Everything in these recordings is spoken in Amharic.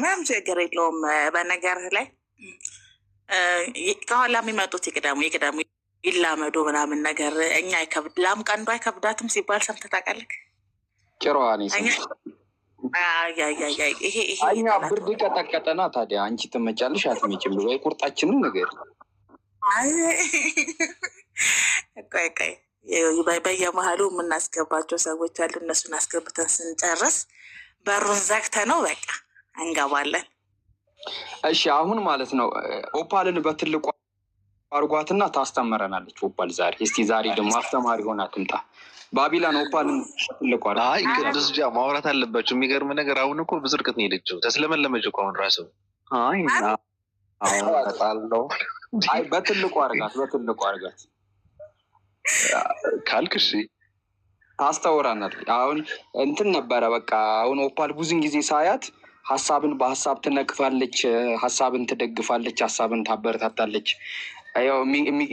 ምናምን ችግር የለውም። በነገር ላይ ከኋላ የሚመጡት ይቅደሙ ይቅደሙ ይላመዱ ምናምን ነገር እኛ አይከብድ ላም ቀንዱ አይከብዳትም ሲባል ሰምተህ ታውቃለህ? ጭራዋን እኛ ብርድ ቀጠቀጠና ታዲያ አንቺ ትመጫለሽ አትመጭም? ወይ ቁርጣችንም ነገር በየመሀሉ የምናስገባቸው ሰዎች አሉ። እነሱን አስገብተን ስንጨርስ በሩን ዘግተ ነው በቃ እንገባለን። እሺ አሁን ማለት ነው ኦፓልን በትልቁ አርጓትና ታስተምረናለች። ኦፓል ዛሬ እስቲ ዛሬ ደግሞ አስተማሪ ሆና ትምጣ። ባቢላን ኦፓልን ትልቁ አይ ቅዱስ ብቻ ማውራት አለባቸው። የሚገርም ነገር አሁን እኮ ብዙ እርቀት ነው የሄደችው። ተስለመለመች እኮ አሁን ራሱ በትልቁ አርጋት፣ በትልቁ አርጋት ካልክ ካልክሽ ታስተውራናል። አሁን እንትን ነበረ በቃ አሁን ኦፓል ብዙን ጊዜ ሳያት ሀሳብን በሀሳብ ትነቅፋለች፣ ሀሳብን ትደግፋለች፣ ሀሳብን ታበረታታለች። ያው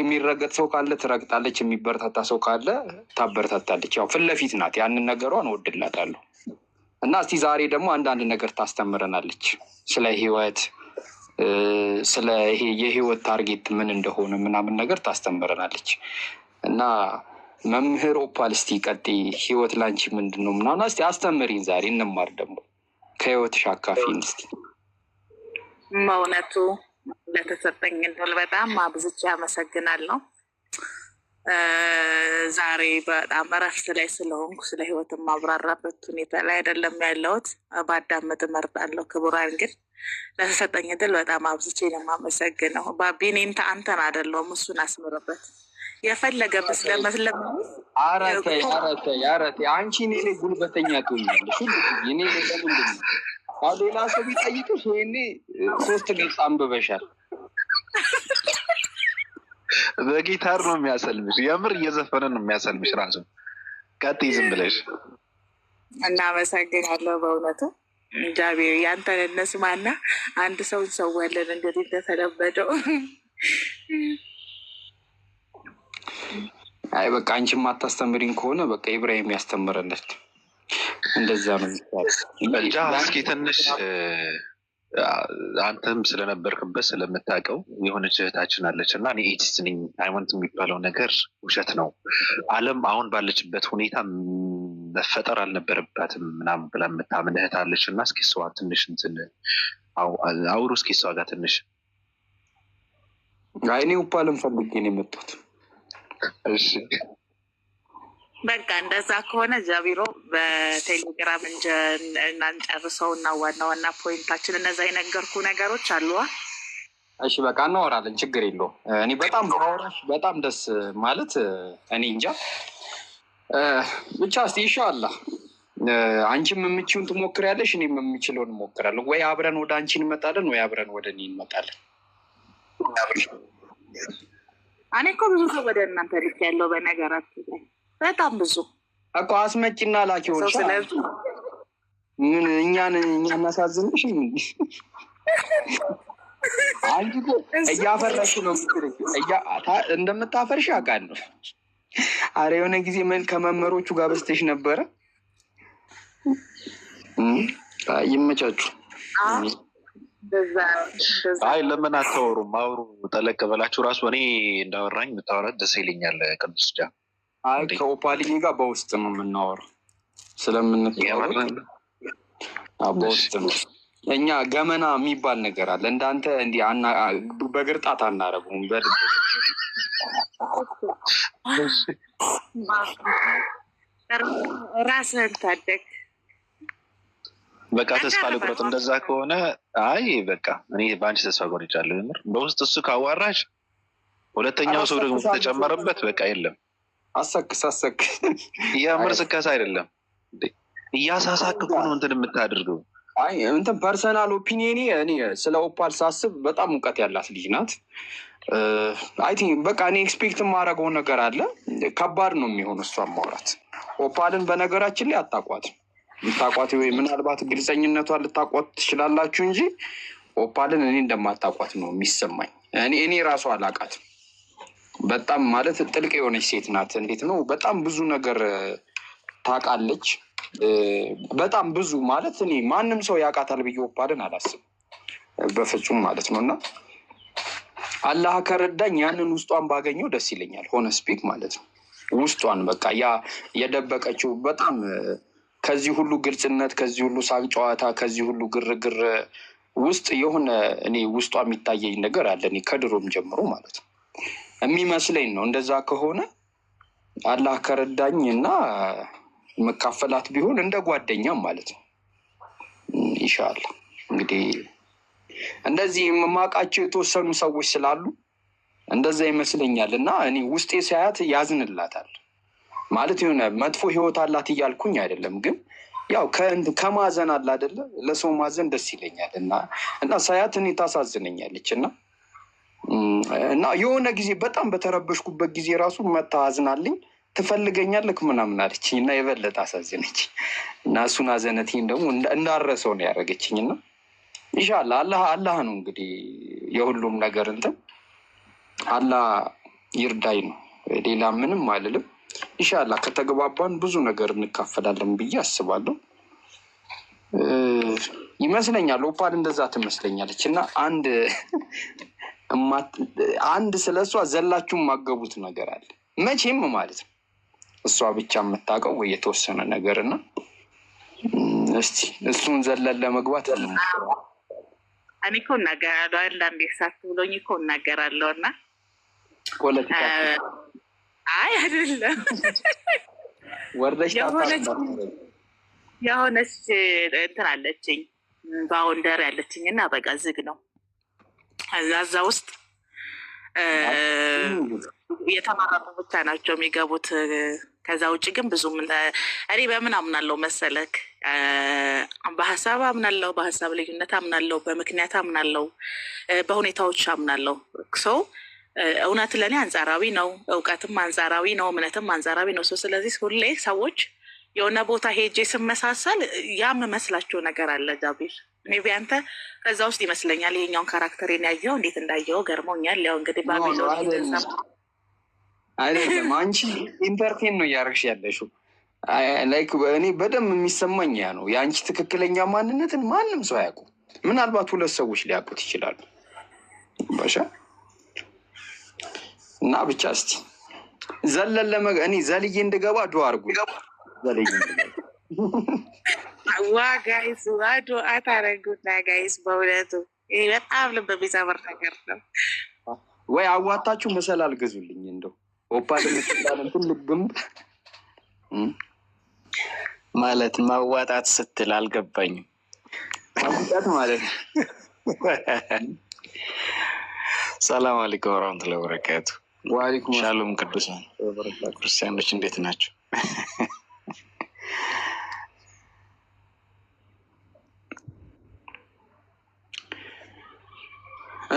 የሚረገጥ ሰው ካለ ትረግጣለች፣ የሚበረታታ ሰው ካለ ታበረታታለች። ያው ፊት ናት። ያንን ነገሯን እወድላታለሁ እና እስቲ ዛሬ ደግሞ አንዳንድ ነገር ታስተምረናለች ስለ ህይወት ስለ ይሄ የህይወት ታርጌት ምን እንደሆነ ምናምን ነገር ታስተምረናለች እና መምህር ኦፓል እስቲ ቀጤ ህይወት ላንቺ ምንድን ነው ምናምን እስቲ አስተምሪን ዛሬ እንማር ደግሞ ከህይወትሽ አካፊን እስኪ። መውነቱ ለተሰጠኝ እድል በጣም አብዝቼ አመሰግናለሁ። ዛሬ በጣም እረፍት ላይ ስለሆንኩ ስለ ህይወት የማብራራበት ሁኔታ ላይ አይደለም ያለሁት። ባዳምጥ እመርጣለሁ። ክቡራን ግን ለተሰጠኝ እድል በጣም አብዝቼ ነው የማመሰግነው። ባቢኔንተ አንተን አይደለሁም እሱን አስምርበት። የፈለገ ስለመስለማስ አንቺ እኔ ጉልበተኛ ሌላ ሰው ቢጠይቅሽ ይሄኔ ሶስት ገጽ አንብበሻል። በጊታር ነው የሚያሰልምሽ። የምር እየዘፈነ ነው የሚያሰልምሽ። ራሱ ቀጥይ ዝም ብለሽ እናመሰግናለሁ። በእውነቱ እግዚአብሔር ያንተን እነስማና አንድ ሰውን ሰው እንግዲህ እንደተለመደው አይ በቃ አንቺ ማታስተምሪኝ ከሆነ በቃ ኢብራሂም ያስተምረለት እንደዛ ነው። እንጃ እስኪ ትንሽ አንተም ስለነበርክበት ስለምታውቀው የሆነች እህታችን አለች እና እኔ ኤቲስት ነኝ ሃይማኖት የሚባለው ነገር ውሸት ነው፣ ዓለም አሁን ባለችበት ሁኔታ መፈጠር አልነበረባትም ምናምን ብላ የምታምን እህት አለች እና እስኪ እሷ ትንሽ እንትን አውሩ እስኪ እሷ ጋር ትንሽ አይኔ ውፓ አለም ፈልጌ ነው የመጣሁት በቃ እንደዛ ከሆነ እዚያ ቢሮ በቴሌግራም እናንጨርሰው እና ዋና ዋና ፖይንታችን እነዛ የነገርኩ ነገሮች አሉዋ። እሺ በቃ እናወራለን፣ ችግር የለው እኔ በጣም በአውራሽ በጣም ደስ ማለት እኔ እንጃ ብቻ ስ ኢንሻላህ አንቺም የምችውን ትሞክሪያለሽ፣ እኔ የምችለውን እሞክራለሁ። ወይ አብረን ወደ አንቺ እንመጣለን፣ ወይ አብረን ወደ እኔ እንመጣለን። እኔ እኮ ብዙ ሰው ወደ እናንተ ልክ ያለው በነገራት ላይ በጣም ብዙ እኮ አስመጪና ላኪዎች ምን እኛን እኛ እናሳዝንሽ አንቺ እኮ እያፈራሽ ነው እንደምታፈርሽ አውቃለሁ። አረ የሆነ ጊዜ ምን ከመመሮቹ ጋር በስተሽ ነበረ። ይመቻችሁ። አይ ለምን አታወሩም? አውሩ፣ ጠለቅ በላችሁ። ራሱ እኔ እንዳወራኝ ብታወራት ደስ ይለኛል። ቅዱስ ጃ አይ ከኦፓሊኒ ጋር በውስጥ ነው የምናወራው ስለምንተዋወቅ በውስጥ ነው። እኛ ገመና የሚባል ነገር አለ። እንዳንተ እንዲ በግርጣት አናረጉም። በል ራስህን ታደግ በቃ ተስፋ ልቁረጥ። እንደዛ ከሆነ አይ በቃ እኔ በአንቺ ተስፋ ቆርጫለሁ። የምር በውስጥ እሱ ካዋራሽ ሁለተኛው ሰው ደግሞ ተጨመረበት፣ በቃ የለም አሰክስ አሰክ የምር ስከሳ አይደለም እያሳሳክ ነው እንትን የምታደርገው። አይ እንትን ፐርሰናል ኦፒኒየኔ እኔ ስለ ኦፓል ሳስብ በጣም እውቀት ያላት ልጅ ናት። አይ ቲንክ በቃ እኔ ኤክስፔክት የማደርገው ነገር አለ። ከባድ ነው የሚሆን እሷን ማውራት። ኦፓልን በነገራችን ላይ አታቋትም ልታቋት ምናልባት ግልጸኝነቷን ልታቋት ትችላላችሁ እንጂ ኦፓልን እኔ እንደማታቋት ነው የሚሰማኝ። እኔ እኔ ራሱ አላቃት። በጣም ማለት ጥልቅ የሆነች ሴት ናት። እንዴት ነው በጣም ብዙ ነገር ታውቃለች። በጣም ብዙ ማለት እኔ ማንም ሰው ያውቃታል ብዬ ኦፓልን አላስብም በፍጹም ማለት ነው እና አላህ ከረዳኝ ያንን ውስጧን ባገኘው ደስ ይለኛል። ሆነ ስፒክ ማለት ነው ውስጧን በቃ ያ የደበቀችው በጣም ከዚህ ሁሉ ግልጽነት፣ ከዚህ ሁሉ ሳቅ ጨዋታ፣ ከዚህ ሁሉ ግርግር ውስጥ የሆነ እኔ ውስጧ የሚታየኝ ነገር አለ። እኔ ከድሮም ጀምሮ ማለት ነው የሚመስለኝ ነው። እንደዛ ከሆነ አላህ ከረዳኝ እና መካፈላት ቢሆን እንደ ጓደኛም ማለት ነው። ይሻላል እንግዲህ እንደዚህ የማውቃቸው የተወሰኑ ሰዎች ስላሉ እንደዛ ይመስለኛል እና እኔ ውስጤ ሳያት ያዝንላታል። ማለት የሆነ መጥፎ ህይወት አላት እያልኩኝ አይደለም፣ ግን ያው ከማዘን አለ አደለ ለሰው ማዘን ደስ ይለኛል እና እና ሳያት እኔ ታሳዝነኛለች እና እና የሆነ ጊዜ በጣም በተረበሽኩበት ጊዜ ራሱ መታ አዝናልኝ ትፈልገኛለክ ምናምን አለችኝ እና የበለጠ አሳዘነች እና እሱን አዘነትኝ ደግሞ እንዳረሰው ነው ያደረገችኝ እና ይሻላ አላህ ነው እንግዲህ የሁሉም ነገር እንትን አላህ ይርዳኝ ነው። ሌላ ምንም አልልም። ኢንሻላ ከተግባባን ብዙ ነገር እንካፈላለን ብዬ አስባለሁ። ይመስለኛል ኦፓል እንደዛ ትመስለኛለች። እና አንድ አንድ ስለ እሷ ዘላችሁ የማገቡት ነገር አለ መቼም ማለት ነው። እሷ ብቻ የምታውቀው ወይ የተወሰነ ነገር እና እስቲ እሱን ዘለን ለመግባት እኔ እኮ እናገራለሁ። አንዳንዴ ሳት ብሎኝ እኮ እናገራለሁ እና ፖለቲካ አይ አይደለም። ወርደሽ የሆነች እንትን አለችኝ ባውንደር ያለችኝ እና በቃ ዝግ ነው እዛ ውስጥ የተመረጡ ብቻ ናቸው የሚገቡት። ከዛ ውጭ ግን ብዙም እኔ በምን አምናለው መሰለክ፣ በሀሳብ አምናለው፣ በሀሳብ ልዩነት አምናለው፣ በምክንያት አምናለው፣ በሁኔታዎች አምናለው ሰው እውነት ለእኔ አንጻራዊ ነው። እውቀትም አንጻራዊ ነው። እምነትም አንጻራዊ ነው። ስለዚህ ሁሌ ሰዎች የሆነ ቦታ ሄጄ ስመሳሰል ያ የምመስላቸው ነገር አለ። ጃቢር ሜይ ቢ ከዛ ውስጥ ይመስለኛል ይሄኛውን ካራክተሬን ያየው እንዴት እንዳየው ገርሞኛል። ያው እንግዲህ ባቢሎን አይደለም አንቺ ኢንተርቴን ነው እያደረግሽ ያለሽው። ላይክ እኔ በደንብ የሚሰማኝ ያ ነው። የአንቺ ትክክለኛ ማንነትን ማንም ሰው አያውቁም። ምናልባት ሁለት ሰዎች ሊያውቁት ይችላሉ። እና ብቻ እስቲ ዘለለ እኔ ዘልዬ እንድገባ ዱ አርጉ ዘልዬ ዋ ጋይስ ዋ ዱአ ታደረጉና ጋይስ በእውነቱ በጣም ልብ የሚሰብር ነገር ነው። ወይ አዋታችሁ መሰል አልገዙልኝ እንደው ኦፓ ትልቅ ግንብ ማለት ማዋጣት ስትል አልገባኝም። ማዋጣት ማለት ሰላም አለይኩም ወረህመቱላሂ ወበረካቱ ሻሎም ቅዱሳን ክርስቲያኖች እንዴት ናቸው?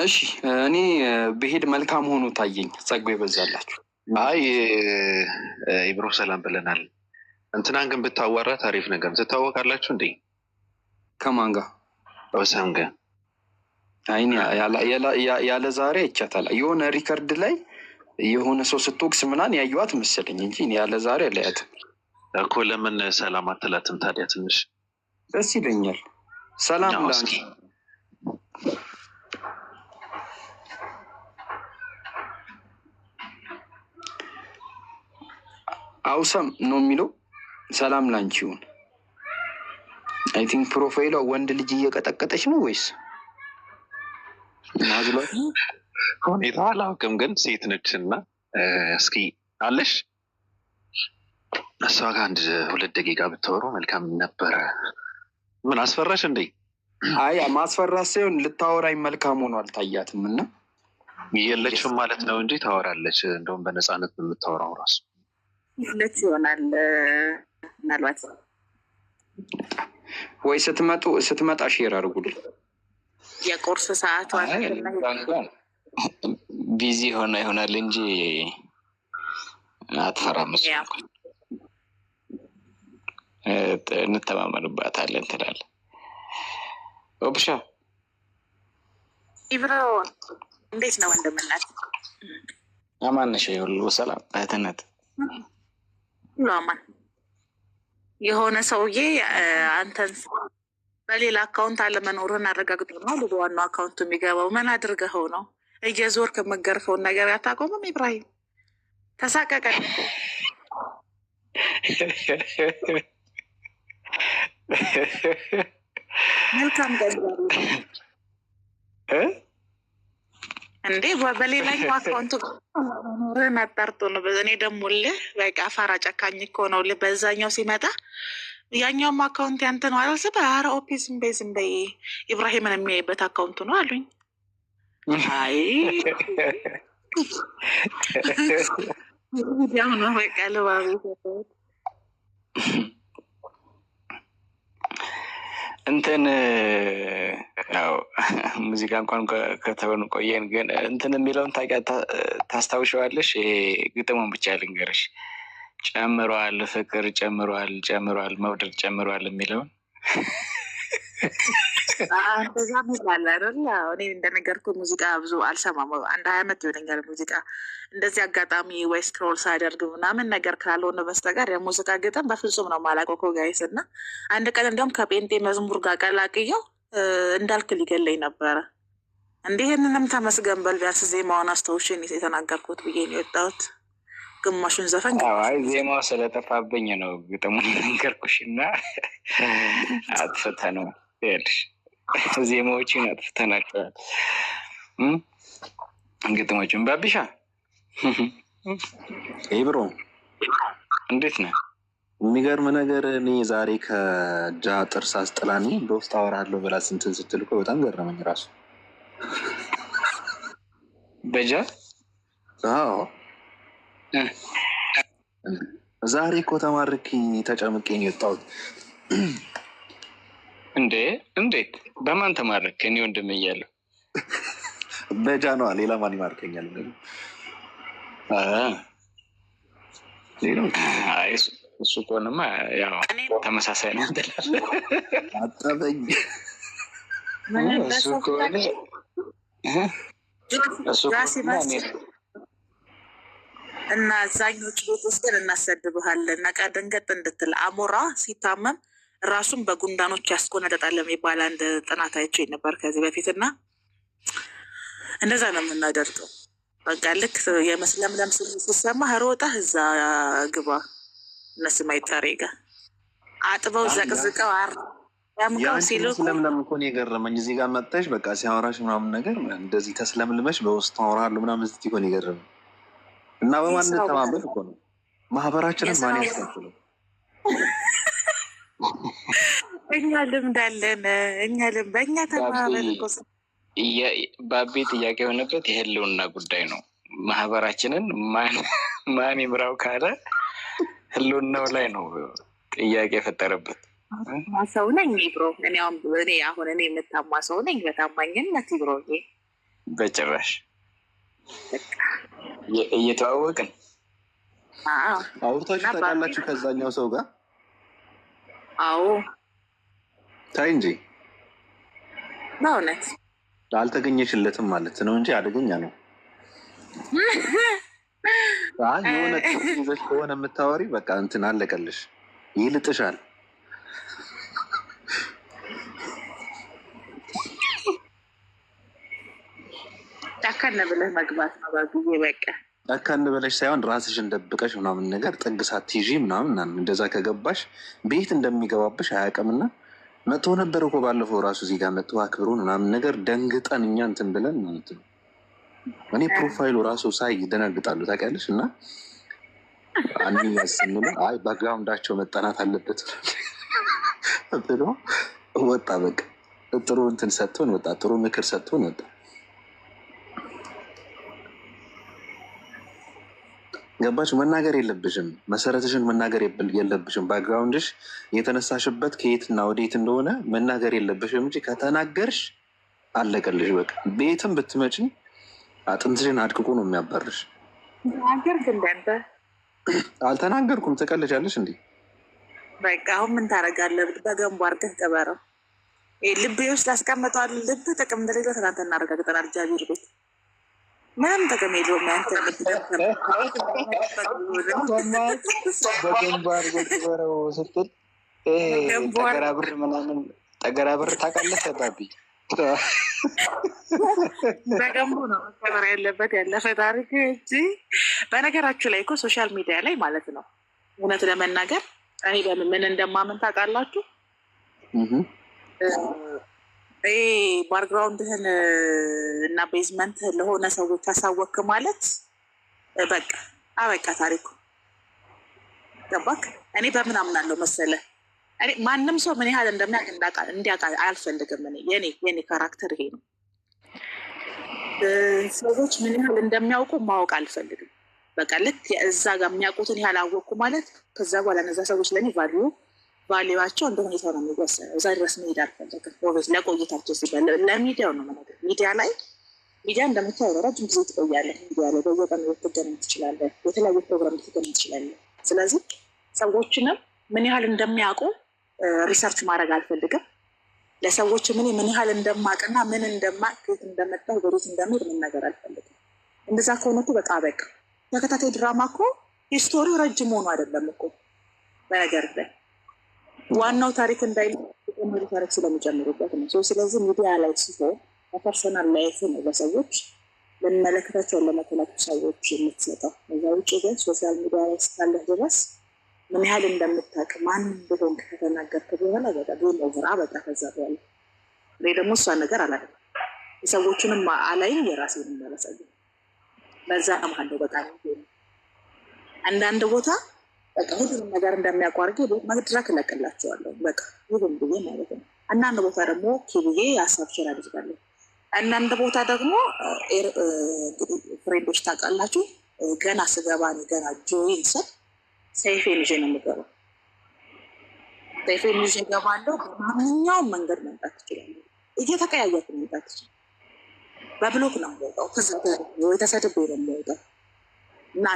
እሺ እኔ ብሄድ መልካም ሆኖ ታየኝ። ጸጋ ይበዛላችሁ። አይ ኢብሮ ሰላም ብለናል። እንትናን ግን ብታዋራ ታሪፍ ነገር ትታወቃላችሁ እንዴ? ከማን ጋር? ወሰም ጋር። አይ ያለ ዛሬ አይቻታል የሆነ ሪከርድ ላይ የሆነ ሰው ስትወቅስ ምናን ያየዋት መሰለኝ እንጂ ያለ ዛሬ ያለያት እኮ። ለምን ሰላም አትላትም ታዲያ? ትንሽ ደስ ይለኛል። ሰላም ላንቺ አውሰም ነው የሚለው። ሰላም ላንቺ ይሁን። አይ ቲንክ ፕሮፋይሏ ወንድ ልጅ እየቀጠቀጠች ነው ወይስ ናዝሏ ሁኔታው አላውቅም፣ ግን ሴት ነች እና እስኪ አለሽ እሷ ጋር አንድ ሁለት ደቂቃ ብታወሩ መልካም ነበረ። ምን አስፈራሽ እንዴ? አይ ማስፈራ ሳይሆን ልታወራኝ መልካም ሆኖ አልታያትም እና የለችም ማለት ነው እንጂ ታወራለች። እንደውም በነፃነት የምታወራው ራሱ ለች ይሆናል ምናልባት ወይ ስትመጡ ስትመጣ ሼር አድርጉልኝ የቁርስ ዋ ቢዚ ሆና ይሆናል እንጂ አትፈራም። እሱ እንተማመንባታለን ትላለህ። ኦብሻ ኢብሮ እንዴት ነው ወንድምነት? አማንሽ የሁሉ ሰላም እህትነት አማን የሆነ ሰውዬ አንተን በሌላ አካውንት አለመኖርህን አረጋግጦ ነው ወደ ዋናው አካውንቱ የሚገባው። ምን አድርገኸው ነው? እየዞርክ የምትገርፈውን ነገር አታቆምም። ኢብራሂም ተሳቀቀ። መልካም እንዴ በሌላኛው አካውንት ኖር መጠርጡ ነው። እኔ ደግሞ ል በቃ አፋራ ጨካኝ እኮ ነው። ል በዛኛው ሲመጣ ያኛውም አካውንት ያንተ ነው አላልስበ አረ ኦፒ ዝም በይ ዝም በይ ኢብራሂምን የሚያይበት አካውንቱ ነው አሉኝ። አይ ያው ነው በቃ ልባብ እንትን ያው ሙዚቃ እንኳን ከተሆን ቆየን፣ ግን እንትን የሚለውን ታውቂያ ታስታውሸዋለሽ? ይሄ ግጥሙን ብቻ ልንገርሽ። ጨምሯል ፍቅር ጨምሯል ጨምሯል መውደድ ጨምሯል የሚለውን በዛ ምላል አይደል? እኔ እንደነገርኩ ሙዚቃ ብዙ አልሰማም። አንድ ሀያ ዓመት ይሆነኛል ሙዚቃ እንደዚህ አጋጣሚ ወይ ስክሮል ሳደርግ ምናምን ነገር ካልሆነ በስተቀር የሙዚቃ ግጥም በፍጹም ነው የማላውቀው እኮ ጋይስ። እና አንድ ቀን እንዲያውም ከጴንጤ መዝሙር ጋር ቀላቅየው እንዳልክ ሊገለኝ ነበረ። እንዲህንንም ተመስገን በል ቢያንስ ዜማውን አስተውሽን የተናገርኩት ብዬ ነው የወጣሁት። ግማሹን ዘፈን አይ ዜማው ስለጠፋብኝ ነው ግጥሙን ነገርኩሽና አጥፍተ ነው ሄድሽ ዜማዎችን አጥፍተናቸዋል። ግጥሞችን ባቢሻ ብሮ እንዴት ነህ? የሚገርም ነገር እኔ ዛሬ ከጃ ጥርስ አስጥላኔ በውስጥ አወራለሁ ብላ ስንትን ስትል እኮ በጣም ገረመኝ። ራሱ በጃ ዛሬ እኮ ተማርኪ ተጨምቄ የወጣሁት። እንዴ እንዴት በማን ተማረክ? እኔ ወንድም እያለሁ በጃ ነዋ። ሌላ ማን ይማርከኛል? እሱ ከሆነማ ያው ተመሳሳይ ነው ትላለህ። አጠበኝ እሱ ከሆነ እና አብዛኞቹ ቤት ውስጥ እናሰድብሃለን። ነቃ ደንገጥ እንድትል አሞራ ሲታመም ራሱን በጉንዳኖች ያስቆነጠጣል የሚባል አንድ ጥናት አይቼ ነበር ከዚህ በፊት እና እንደዛ ነው የምናደርገው። በቃ ልክ የመስለምለም ስሰማ ሮጠህ እዛ ግባ እነስማይ ታሬጋ አጥበው ዘቅዝቀው አር ስለምለም እኮ ነው የገረመኝ። እዚህ ጋር መጥተሽ በቃ ሲያወራሽ ምናምን ነገር እንደዚህ ተስለምልመሽ በውስጥ አወራለሁ ምናምን ስትይ እኮ ነው የገረመኝ። እና በማን ተማመን እኮ ነው ማህበራችንን ማን ያስከፍለው እኛ ልምድ አለን። እኛ ልምድ በእኛ ተማበር ባቤ ጥያቄ የሆነበት የህልውና ጉዳይ ነው። ማህበራችንን ማን ይምራው ካለ ህልውናው ላይ ነው ጥያቄ የፈጠረበት ሰው ነኝ ብሮ እኔ አሁን እኔ የምታማ ሰው ነኝ በታማኝነት ብሮ በጭራሽ እየተዋወቅን አውርታችሁ ታውቃላችሁ ከዛኛው ሰው ጋር አዎ ታይ እንጂ በእውነት አልተገኘሽለትም ማለት ነው እንጂ አደገኛ ነው። የሆነ ይዘሽ ከሆነ የምታወሪ በቃ እንትን አለቀልሽ፣ ይልጥሻል። ጫካነ ብለህ መግባት ነው በጊዜ በቃ አካን በለሽ ሳይሆን ራስሽ እንደብቀሽ ምናምን ነገር ጥግ ሳትይዥ ምናምን እንደዛ ከገባሽ ቤት እንደሚገባብሽ አያውቅምና መጥቶ ነበር እኮ ባለፈው ራሱ ዜጋ መጥቶ አክብሮን ምናምን ነገር ደንግጠን እኛ እንትን ብለን ማለት ነው። እኔ ፕሮፋይሉ ራሱ ሳይ ይደነግጣሉ ታውቂያለሽ። እና አንያስም አይ ባክግራውንዳቸው መጠናት አለበት ብሎ ወጣ። በቃ ጥሩ እንትን ሰጥቶን ወጣ። ጥሩ ምክር ሰጥቶን ወጣ። ገባች መናገር የለብሽም መሰረትሽን መናገር የለብሽም ባክግራውንድሽ የተነሳሽበት ከየትና ወዴት እንደሆነ መናገር የለብሽም እንጂ ከተናገርሽ አለቀልሽ በቃ ቤትም ብትመጪ አጥንትሽን አድቅቁ ነው የሚያባርሽ አልተናገርኩም ትቀልጃለሽ እንዲ በቃ አሁን ምን ታደርጋለህ በገንቡ አድርገህ ቅበረው ልብ ውስጥ አስቀምጠዋል ልብ ጥቅም እንደሌለው ትናንትና አረጋግጠናል እግዚአብሔር ቤት ምንም ጥቅም የለውም። ያንተ በግንባር ስትል ጠገራ ብር ምናምን ጠገራ ብር ታውቃለህ? ባቢ በገንቡ ነው መከበር ያለበት ያለፈ ታሪክ እንጂ። በነገራችሁ ላይ እኮ ሶሻል ሚዲያ ላይ ማለት ነው እውነት ለመናገር እኔ ምን እንደማምን ታውቃላችሁ ባርግራውንድህን እና ቤዝመንት ለሆነ ሰዎች አሳወክ ማለት በቃ አበቃ ታሪኩ። ገባክ? እኔ በምን አምናለሁ መሰለ እኔ ማንም ሰው ምን ያህል እንደሚያውቅ እንዲያውቅ አልፈልግም። እኔ የኔ የኔ ካራክተር ይሄ ነው። ሰዎች ምን ያህል እንደሚያውቁ ማወቅ አልፈልግም። በቃ ልክ እዛ ጋር የሚያውቁትን ያህል አወቅኩ ማለት ከዛ በኋላ እነዛ ሰዎች ለእኔ ቫልዩ ባሌባቸው እንደ ሁኔታ ነው የሚወሰነው። እዛ ድረስ መሄድ አልፈለግም። ሞቤት ለቆይታቸው ሲባል ለሚዲያው ነው መናገር። ሚዲያ ላይ ሚዲያ እንደምታየው ረጅም ጊዜ ትቆያለህ። ሚዲያ ላይ በየቀኑ ልትገናኝ ትችላለህ። የተለያዩ ፕሮግራም ልትገናኝ ትችላለህ። ስለዚህ ሰዎችንም ምን ያህል እንደሚያውቁ ሪሰርች ማድረግ አልፈልግም። ለሰዎች ምን ምን ያህል እንደማቅና ምን እንደማቅ ት እንደመጣ ወዴት እንደምሄድ ምን ነገር አልፈልግም። እንደዛ ከሆነ እኮ በቃ በቃ ተከታታይ ድራማ እኮ ሂስቶሪው ረጅም ሆኖ አይደለም እኮ በነገር ላይ ዋናው ታሪክ እንዳይ ታሪክ ስለሚጨምሩበት ነው። ስለዚህ ሚዲያ ላይ ሲሆን በፐርሰናል ላይፍ ነው ለሰዎች ለሚመለከታቸውን ለመተላኩ ሰዎች የምትሰጠው። እዛ ውጭ ግን ሶሻል ሚዲያ ላይ እስካለህ ድረስ ምን ያህል እንደምታውቅ ማን እንደሆንክ ከተናገርክ በኋላ በቃ ጌም ኦቨር በቃ። ከዛ በኋላ እኔ ደግሞ እሷ ነገር አላለም የሰዎችንም አላይም የራሴንም አላሳየም። በዛ መሀል ነው በቃ አንዳንድ ቦታ በቃ ሁሉንም ነገር እንደሚያቋርጌ መድረክ እለቅላቸዋለሁ። በቃ ይሁን ብዬ ማለት ነው። አንዳንድ ቦታ ደግሞ ኪብዬ ሀሳብ ሼር አድርጋለሁ። አንዳንድ ቦታ ደግሞ ፍሬንዶች ታውቃላችሁ፣ ገና ስገባ ገና ጆይን ስል ሰይፌን ይዤ ነው የምገባው። ሰይፌን ይዤ እገባለሁ። በማንኛውም መንገድ መምጣት ትችላለህ። እየተቀያየርኩ መምጣት ይችላል። በብሎክ ነው የሚወጣው። ከዛ የተሰድቦ ነው የሚወጣው እና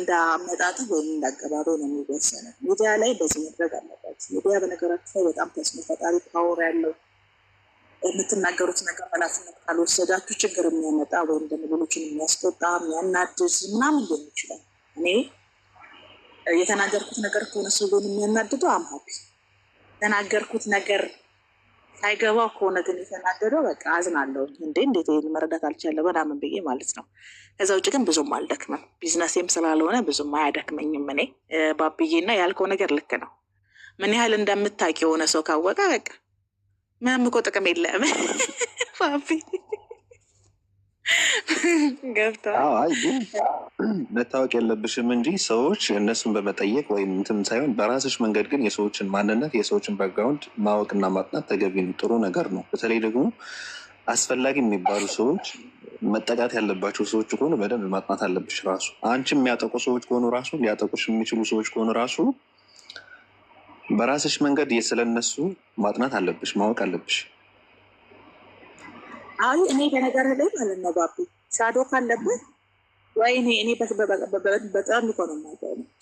እንዳመጣጡ ወይም እንዳገባሩ ነው የሚወሰነ። ሚዲያ ላይ በዚህ መድረግ አለባቸው። ሚዲያ በነገራችን ላይ በጣም ተጽዕኖ ፈጣሪ ፓወር ያለው የምትናገሩት ነገር ኃላፊነት ካልወሰዳችሁ ችግር የሚያመጣ ወይም ደግሞ ሌሎችን የሚያስቆጣ የሚያናድዝ ምናምን ሊሆን ይችላል። እኔ የተናገርኩት ነገር ከሆነ ሰው ሊሆን የሚያናድደው አምሀቢ ተናገርኩት ነገር ሳይገባው ከሆነ ግን የተናደደው በቃ አዝናለሁ። እንዴ እንዴት መረዳት አልቻለ በናምን ብዬ ማለት ነው። ከዛ ውጭ ግን ብዙም አልደክምም፣ ቢዝነሴም ስላልሆነ ብዙም አያደክመኝም። እኔ ባብዬና ያልከው ነገር ልክ ነው። ምን ያህል እንደምታውቂ የሆነ ሰው ካወቀ በቃ ምንም እኮ ጥቅም የለም ባቢ ገብተዋል። ግን መታወቅ የለብሽም እንጂ ሰዎች እነሱን በመጠየቅ ወይም እንትም ሳይሆን በራስሽ መንገድ ግን የሰዎችን ማንነት የሰዎችን ባክግራውንድ ማወቅና ማጥናት ተገቢ ነው፣ ጥሩ ነገር ነው። በተለይ ደግሞ አስፈላጊ የሚባሉ ሰዎች መጠቃት ያለባቸው ሰዎች ከሆኑ በደንብ ማጥናት አለብሽ። ራሱ አንቺ የሚያጠቁ ሰዎች ከሆኑ ራሱ ሊያጠቁሽ የሚችሉ ሰዎች ከሆኑ ራሱ በራስሽ መንገድ የስለነሱ ማጥናት አለብሽ፣ ማወቅ አለብሽ። አሁን እኔ በነገር ላይ ማለት ነው ባቡ ሻዶ ካለበት ወይ እኔ እኔ በጣም ኢኮኖሚ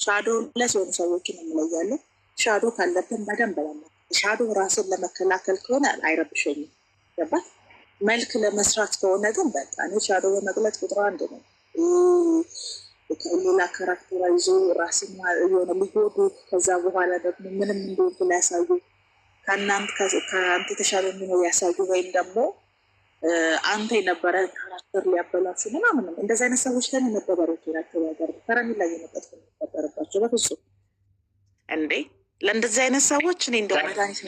ሻዶ ለሰሆኑ ሰዎችን እንለያለን። ሻዶ ካለብን በደንብ በላ ሻዶ ራስን ለመከላከል ከሆነ አይረብሸኝም። ገባት መልክ ለመስራት ከሆነ ግን በቃ እኔ ሻዶ በመቅለጥ ቁጥር አንድ ነው። ሌላ ካራክተራ ይዞ ራስን የሆነ ሊጎዱ ከዛ በኋላ ደግሞ ምንም እንደሆንኩ ላያሳዩ ከእናንተ ከአንተ የተሻለ የሚኖር ያሳዩ ወይም ደግሞ አንተ የነበረ ካራክተር ሊያበላሹ ምናምን እንደዚ አይነት ሰዎች ደግሞ መበበሮች ናቸው። ያገር ተረሚ ላይ የመጠት የሚበረባቸው በፍጹም እንዴ! ለእንደዚህ አይነት ሰዎች እኔ እንደ መድኃኒት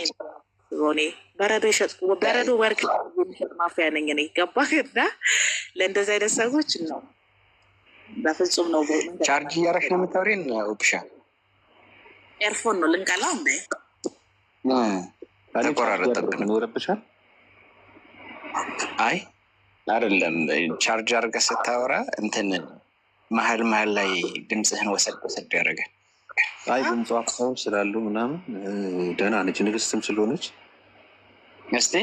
በረዶ የሸጥኩ በረዶ ወርቅ የሚሸጥ ማፊያ ነኝ ነው ይገባህ። እና ለእንደዚህ አይነት ሰዎች ነው በፍጹም ነው። ቻርጅ እያረሽ ነው የምታወሪን ኦፕሻ ኤርፎን ነው ልንቀላው እንዴ? ተቆራረጠብን ይረብሻል አይ አይደለም። ቻርጅ አድርገህ ስታወራ እንትን መሀል መሀል ላይ ድምፅህን ወሰድ ወሰድ ያደረገን። አይ ድምፁ አፍሰው ስላሉ ምናምን ደህና ነች፣ ንግስትም ስለሆነች እስቲ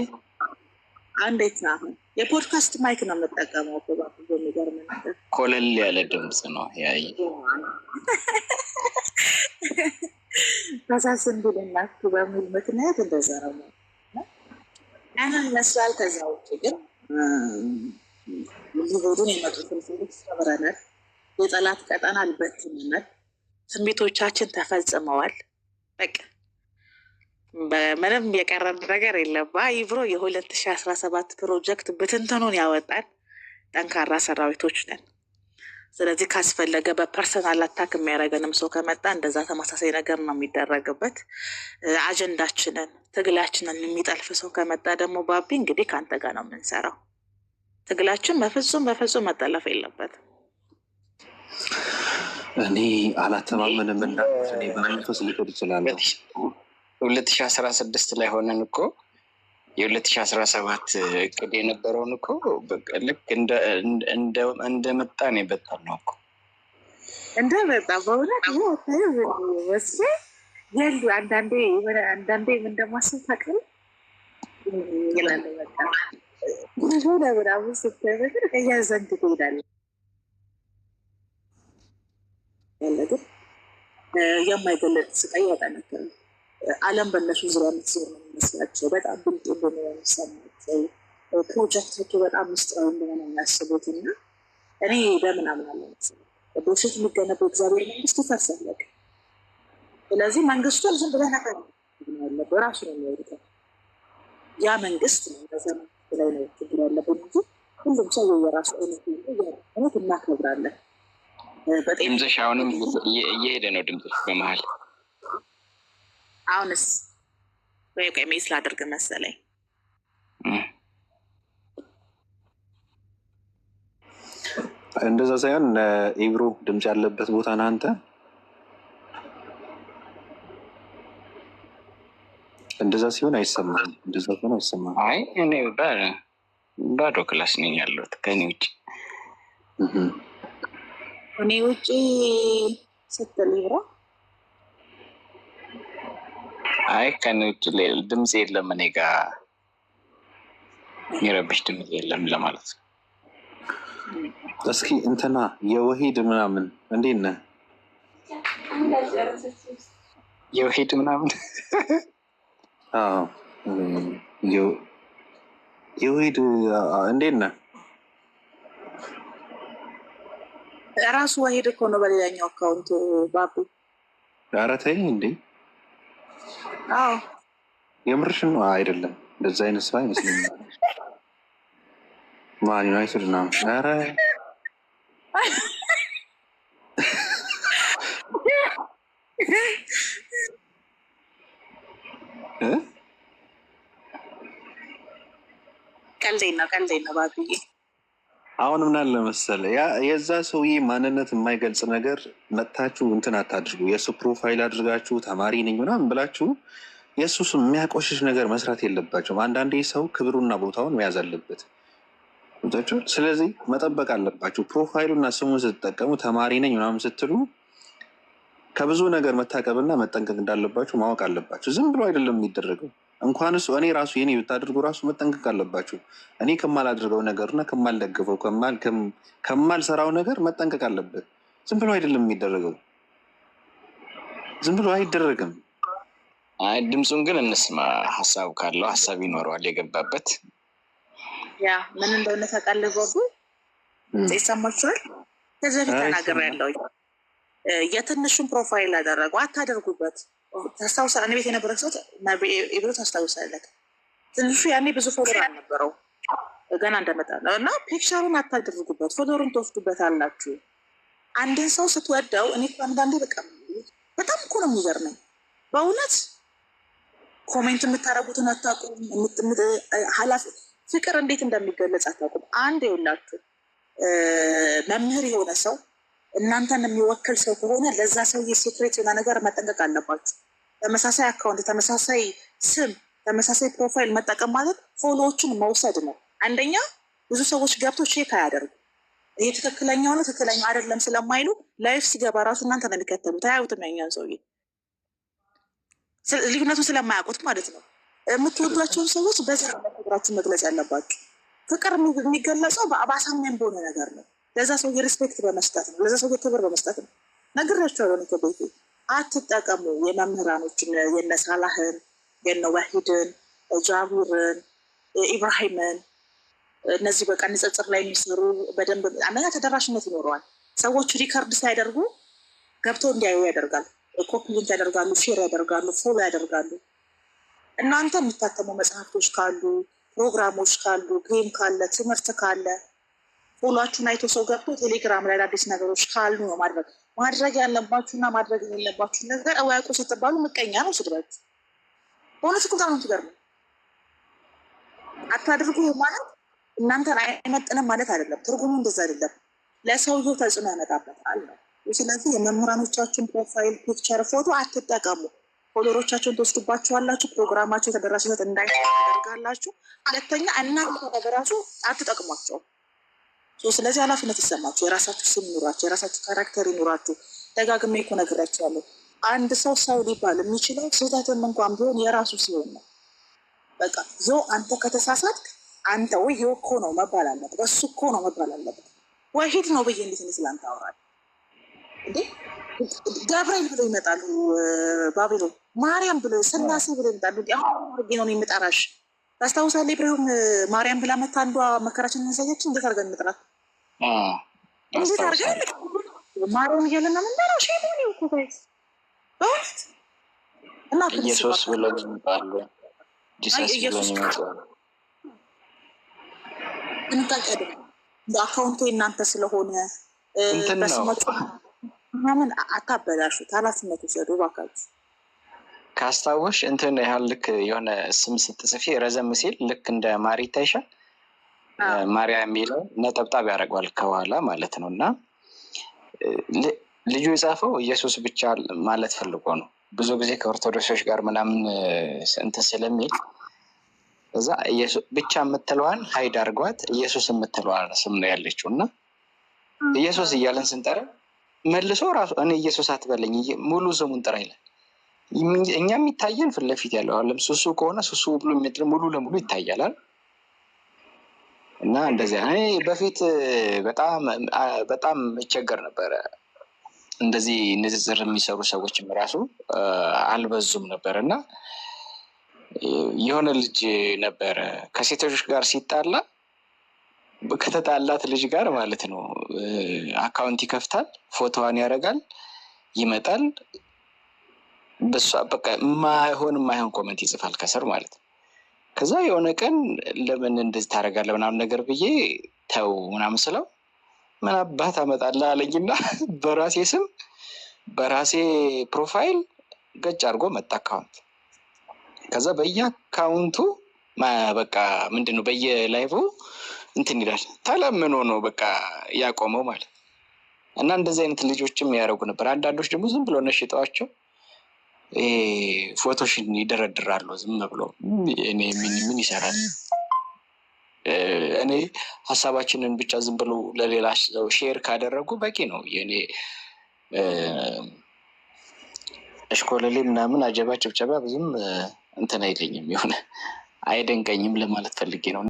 እንዴት ነው አሁን? የፖድካስት ማይክ ነው የምጠቀመው። የሚገርም ነገር ኮለል ያለ ድምፅ ነው ያየ ተሳስንዱልና በሚል ምክንያት እንደዛ ነው ያንን ይመስላል። ከዛ ውጭ ግን ሊጎዱን የመጡትን ትንቢት ሰብረናል። የጠላት ቀጠና አልበትንናል። ትንቢቶቻችን ተፈጽመዋል። በቃ ምንም የቀረን ነገር የለም። ይብሮ የሁለት ሺህ አስራ ሰባት ፕሮጀክት ብትንትኑን ያወጣን ጠንካራ ሰራዊቶች ነን። ስለዚህ ካስፈለገ በፐርሰናል አታክ የሚያደርገንም ሰው ከመጣ እንደዛ ተመሳሳይ ነገር ነው የሚደረግበት። አጀንዳችንን ትግላችንን የሚጠልፍ ሰው ከመጣ ደግሞ ባቢ እንግዲህ ከአንተ ጋር ነው የምንሰራው። ትግላችን በፍጹም በፍጹም መጠለፍ የለበትም። እኔ አላተማመንም እንዳት በመንፈስ ልቅር ይችላለሁ። ሁለት ሺ አስራ ስድስት ላይ ሆነን እኮ የ2017 እቅድ የነበረውን እኮ ልክ እንደመጣ ነው የበጣም ነው እኮ እንደመጣ በእውነት ወስ የሉ አንዳንዴ አንዳንዴ እንደማስብ ታውቃለህ ሆነ ምናምን ስትይ ነገር እያዘንክ ትሄዳለህ ግን የማይገለጥ ስቃይ ነበር። ዓለም በእነሱ ዙሪያ የምትዞር ነው የሚመስላቸው። በጣም ድምጥ እንደሆነ የሚሰማቸው ፕሮጀክቶቹ በጣም ምስጢራዊ እንደሆነ የሚያስቡት እና እኔ በምን አምናለሁ መሰለኝ በውሸት የሚገነበው እግዚአብሔር መንግስት ይፈርሳል። ስለዚህ መንግስቱ ዝም ብለህ ነገር ያለበው ራሱ ነው የሚወድቀው። ያ መንግስት ነው በዘመን ላይ ነው ችግር ያለበት እንጂ ሁሉም ሰው የራሱ አይነት እናከብራለን። በጤምዘሽ አሁንም እየሄደ ነው ድምጽ በመሀል አሁንስ ወይ ሜስ ላድርግ መሰለኝ። እንደዛ ሳይሆን ኢብሮ ድምፅ ያለበት ቦታ ነህ አንተ። እንደዛ ሲሆን አይሰማም። እንደዛ ሆነ አይሰማም። አይ እኔ ባዶ ክላስ ነኝ ያለሁት ከኔ ውጭ እኔ ውጭ ስትል ይብራ አይ ከንድ ድምፅ የለም እኔ ጋ የሚረብሽ ድምፅ የለም ለማለት ነው። እስኪ እንትና የወሂድ ምናምን እንዴት ነህ? የወሂድ ምናምን የወሂድ እንዴት ነህ? ራሱ ወሂድ እኮ ነው በሌላኛው አካውንት ባቡ ኧረ ተይ እንዴ የምርሽን ነው አይደለም? እንደዚ አይነት ስራ ይመስለኛል። ማን ዩናይትድ ና ረ ቀልዴ ነው ቀልዴ ነው አሁን ምን አለ መሰለህ የዛ ሰውዬ ማንነት የማይገልጽ ነገር መጥታችሁ እንትን አታድርጉ። የእሱ ፕሮፋይል አድርጋችሁ ተማሪ ነኝ ምናምን ብላችሁ የእሱ ስም የሚያቆሽሽ ነገር መስራት የለባቸውም። አንዳንዴ ሰው ክብሩና ቦታውን መያዝ አለበት። ስለዚህ መጠበቅ አለባችሁ። ፕሮፋይሉና ስሙን ስትጠቀሙ ተማሪ ነኝ ምናምን ስትሉ ከብዙ ነገር መታቀብና መጠንቀቅ እንዳለባችሁ ማወቅ አለባችሁ። ዝም ብሎ አይደለም የሚደረገው። እንኳንስ እኔ ራሱ የኔ ብታደርጉ ራሱ መጠንቀቅ አለባችሁ። እኔ ከማላደርገው ነገርና ከማልደግፈው ከማልሰራው ነገር መጠንቀቅ አለበት። ዝም ብሎ አይደለም የሚደረገው፣ ዝም ብሎ አይደረግም። አይ ድምፁን ግን እንስማ። ሀሳብ ካለው ሀሳብ ይኖረዋል የገባበት። ያ ምን እንደሆነ ታውቃለህ። ባቡ ይሰማችኋል። ከዚህ በፊት ያለው የትንሹን ፕሮፋይል አደረገው። አታደርጉበት ታስታውሳ እኔ ቤት የነበረ ሰው ብሎ ታስታውሳለህ። ትንሹ ያኔ ብዙ ፎሎር አልነበረው ገና እንደመጣ እና ፒክቸሩን አታደርጉበት፣ ፎሎሩን ትወስዱበት አላችሁ። አንድን ሰው ስትወደው እኔ አንዳንዴ በቃ በጣም እኮ ነው የሚገርመኝ በእውነት ኮሜንት የምታደርጉትን አታውቁም። ኃላፊ ፍቅር እንዴት እንደሚገለጽ አታውቁም። አንድ የውላችሁ መምህር የሆነ ሰው እናንተን የሚወክል ሰው ከሆነ ለዛ ሰውዬ ሴክሬት የሆነ ነገር መጠንቀቅ አለባችሁ። ተመሳሳይ አካውንት፣ ተመሳሳይ ስም፣ ተመሳሳይ ፕሮፋይል መጠቀም ማለት ፎሎዎቹን መውሰድ ነው። አንደኛ ብዙ ሰዎች ገብቶ ቼክ አያደርጉ ይህ ትክክለኛ ሆነ ትክክለኛ አይደለም ስለማይሉ ላይፍ ሲገባ ራሱ እናንተ ነው የሚከተሉ አያዩትም ያኛን ሰውዬ ልዩነቱን ስለማያውቁት ማለት ነው። የምትወዷቸውን ሰዎች በዛ ፍቅራችሁ መግለጽ ያለባችሁ። ፍቅር የሚገለጸው በአሳማኝ በሆነ ነገር ነው። ለዛ ሰው ሪስፔክት በመስጠት ነው። ለዛ ሰው ክብር በመስጠት ነው። ነግሬያቸዋለሁ እኮ ቤቴ አትጠቀሙ። የመምህራኖችን የነሳላህን የነዋሂድን ጃቡርን ኢብራሂምን እነዚህ በቃ ንጽጽር ላይ የሚሰሩ በደንብ አንደኛ ተደራሽነት ይኖረዋል። ሰዎች ሪከርድ ሳያደርጉ ገብተው እንዲያዩ ያደርጋል። ኮፒሊንክ ያደርጋሉ፣ ሼር ያደርጋሉ፣ ፎሎ ያደርጋሉ። እናንተ የሚታተሙ መጽሐፍቶች ካሉ፣ ፕሮግራሞች ካሉ፣ ጌም ካለ፣ ትምህርት ካለ ሁላችሁን አይቶ ሰው ገብቶ ቴሌግራም ላይ አዳዲስ ነገሮች ካሉ ነው ማድረግ ማድረግ ያለባችሁና ማድረግ የሌለባችሁ ነገር አወያውቁ ስትባሉ ምቀኛ ነው ስድባችሁ። በእውነት እኮ በጣም ነው የምትገርመው። አታድርጉ ማለት እናንተን አይመጥንም ማለት አይደለም። ትርጉሙ እንደዛ አይደለም። ለሰውየው ተጽዕኖ ያመጣበታል ነው። ስለዚህ የመምህራኖቻችን ፕሮፋይል ፒክቸር፣ ፎቶ አትጠቀሙ። ፎሎሮቻቸውን ትወስዱባቸዋላችሁ። ፕሮግራማቸው የተደራሽነት እንዳይ ያደርጋላችሁ። ሁለተኛ እናንተ በራሱ አትጠቅሟቸውም። ስለዚህ ኃላፊነት ይሰማችሁ፣ የራሳችሁ ስም ይኑራችሁ፣ የራሳችሁ ካራክተር ይኑራችሁ። ደጋግሜ እኮ ነግራችኋለሁ። አንድ ሰው ሰው ሊባል የሚችለው ስህተትም እንኳን ቢሆን የራሱ ሲሆን ነው። በቃ ዞ አንተ ከተሳሳትክ አንተ ወይ ይኸው እኮ ነው መባል አለበት፣ እሱ እኮ ነው መባል አለበት። ወሂድ ነው ብዬ እንዴት እኔ ስላንተ አወራለሁ እንዴ? ገብርኤል ብሎ ይመጣሉ፣ ባቢሎን ማርያም ብሎ ስላሴ ብሎ ይመጣሉ። አሁን ነው የምጠራሽ ታስታውሳለህ? ኢብራሂም ማርያም ብላ መታ አንዷ መከራችን እንሰያችን እንዴት አርገን እንጥላት? እንዴት አርገን ማርያም እያለና ምንበላ ሸሞን እኮ ጋይስ በእውነት እና ኢየሱስ ብለው ይመጣሉ። ጂሰስ ብለው አካውንቴ እናንተ ስለሆነ በስማችሁ ምናምን አታበላሹት። ኃላፊነት ውሰዱ ባካችሁ። ካስታወሽ እንትን ያህል ልክ የሆነ ስም ስትጽፊ ረዘም ሲል ልክ እንደ ማሪ ይታይሻል። ማሪያ የሚለው ነጠብጣብ ያደርገዋል ከኋላ ማለት ነው። እና ልጁ የጻፈው ኢየሱስ ብቻ ማለት ፈልጎ ነው። ብዙ ጊዜ ከኦርቶዶክሶች ጋር ምናምን እንትን ስለሚል እዛ ብቻ የምትለዋን ሀይድ አድርጓት ኢየሱስ የምትለዋን ስም ነው ያለችው። እና ኢየሱስ እያለን ስንጠራ መልሶ ራሱ እኔ ኢየሱስ አትበለኝ ሙሉ ስሙን ጥራ ይላል። እኛ የሚታየን ፊት ለፊት ያለው አለም ሱሱ ከሆነ ሱሱ ብሎ ሙሉ ለሙሉ ይታያላል። እና እንደዚያ እኔ በፊት በጣም እቸገር ነበረ። እንደዚህ ንዝዝር የሚሰሩ ሰዎችም ራሱ አልበዙም ነበር። እና የሆነ ልጅ ነበረ ከሴቶች ጋር ሲጣላ ከተጣላት ልጅ ጋር ማለት ነው። አካውንት ይከፍታል፣ ፎቶዋን ያደርጋል፣ ይመጣል በሷ በቃ ማይሆን ማይሆን ኮመንት ይጽፋል ከስር ማለት ነው። ከዛ የሆነ ቀን ለምን እንደዚህ ታደርጋለህ ምናምን ነገር ብዬ ተው ምናምን ስለው ምን አባት አመጣለህ አለኝና በራሴ ስም በራሴ ፕሮፋይል ገጭ አድርጎ መጣ አካውንት። ከዛ በየአካውንቱ በቃ ምንድን ነው በየላይቭ እንትን ይላል። ተለምኖ ነው በቃ ያቆመው ማለት እና እንደዚህ አይነት ልጆችም ያደረጉ ነበር። አንዳንዶች ደግሞ ዝም ብሎ ነሽጠዋቸው ፎቶሽን ይደረድራሉ ዝም ብሎ እኔ ምን ይሰራል? እኔ ሀሳባችንን ብቻ ዝም ብሎ ለሌላ ሰው ሼር ካደረጉ በቂ ነው። የእኔ እሽኮለሌ ምናምን አጀባ ጭብጨባ ብዙም እንትን አይለኝም የሆነ አይደንቀኝም ለማለት ፈልጌ ነው።